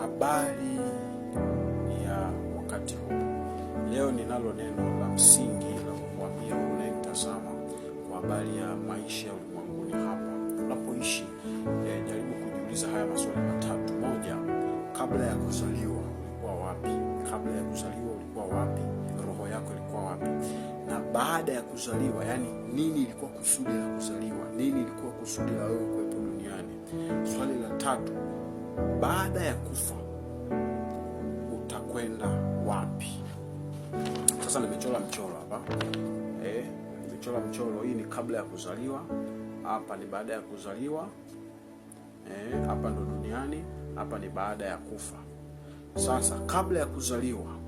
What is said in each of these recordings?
habari ya wakati huu. Leo ninalo neno la msingi la kukuambia unayetazama kwa habari ya maisha ya ulimwenguni hapa unapoishi. E, jaribu kujiuliza haya maswali matatu. Moja, kabla ya kuzaliwa ulikuwa wapi? Kabla ya kuzaliwa ulikuwa wapi? Roho yako ilikuwa wapi? Na baada ya kuzaliwa, yani nini ilikuwa kusudi la kuzaliwa? Nini ilikuwa kusudi la wewe kuwepo duniani? Swali la tatu baada ya kufa utakwenda wapi? Sasa nimechora mchoro hapa eh, nimechora mchoro. Hii ni kabla ya kuzaliwa, hapa ni baada ya kuzaliwa eh, hapa ndo duniani, hapa ni baada ya kufa. Sasa kabla ya kuzaliwa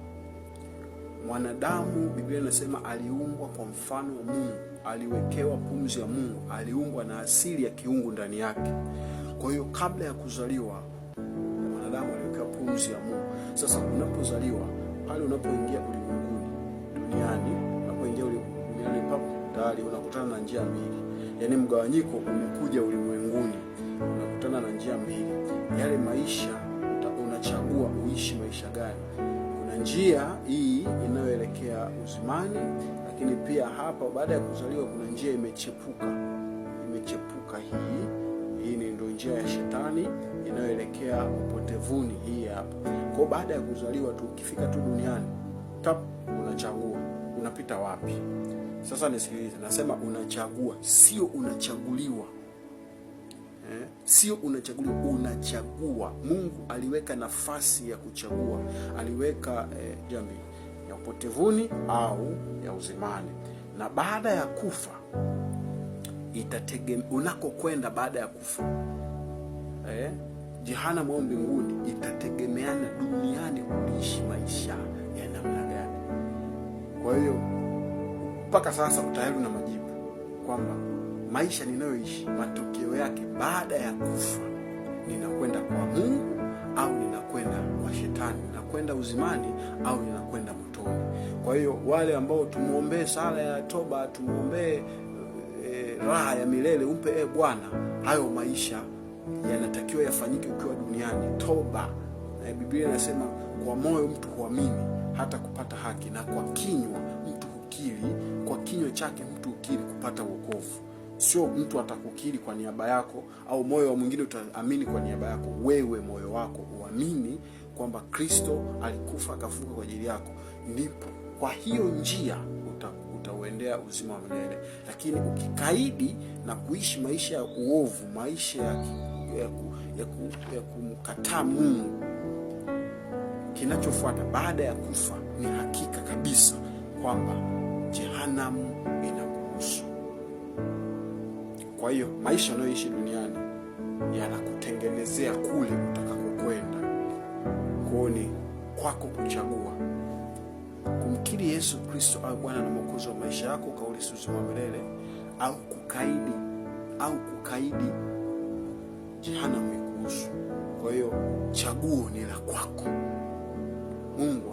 mwanadamu, Biblia inasema aliumbwa kwa mfano wa Mungu, aliwekewa pumzi ya Mungu, aliumbwa na asili ya kiungu ndani yake. Kwa hiyo kabla ya kuzaliwa Mungu. Sasa unapozaliwa pale, unapoingia ulimwenguni, duniani, unapoingia ulimwenguni papo tayari unakutana na njia mbili, yaani mgawanyiko umekuja ulimwenguni, unakutana na njia mbili. Yale maisha unachagua uishi maisha gani? Kuna njia hii inayoelekea uzimani, lakini pia hapa baada ya kuzaliwa kuna njia imechepuka, imechepuka hii hii ndio njia ya shetani inayoelekea upotevuni hii hapa. kwao baada ya kuzaliwa tu, ukifika tu duniani tap, unachagua unapita wapi. Sasa nisikilize, nasema unachagua, sio unachaguliwa eh? Sio unachaguliwa, unachagua. Mungu aliweka nafasi ya kuchagua, aliweka eh, jamii ya upotevuni au ya uzimani, na baada ya kufa itategemea unakokwenda baada ya kufa eh? jehanamu au mbinguni itategemeana duniani kuishi maisha ya namna gani. Kwa hiyo mpaka sasa utayari na majibu kwamba maisha ninayoishi matokeo yake baada ya kufa ninakwenda kwa Mungu au ninakwenda kwa Shetani, ninakwenda uzimani au ninakwenda motoni. Kwa hiyo wale ambao tumwombee sala ya toba, tumwombee eh, raha ya milele, umpe e Bwana hayo maisha yanatakiwa yafanyike ukiwa duniani. Toba na eh, Biblia inasema kwa moyo mtu huamini hata kupata haki, na kwa kinywa mtu hukiri, kwa kinywa chake mtu hukiri kupata wokovu. Sio mtu atakukiri kwa niaba yako au moyo wa mwingine utaamini kwa niaba yako. Wewe moyo wako uamini kwamba Kristo alikufa akafuka kwa ajili yako, ndipo kwa hiyo njia utauendea uzima wa milele. Lakini ukikaidi na kuishi maisha ya uovu, maisha ya ya, ku, ya, ku, ya kumkataa Mungu, kinachofuata baada ya kufa ni hakika kabisa kwamba jehanamu inakuhusu. Kwa hiyo maisha yanayoishi duniani yanakutengenezea kule utakakokwenda. Kuoni kwako kuchagua kumkiri Yesu Kristo au Bwana na Mwokozi wa maisha yako, kauli si wa au kukaidi au kukaidi jehanamu ikuhusu. Kwa hiyo chaguo ni la kwako Mungu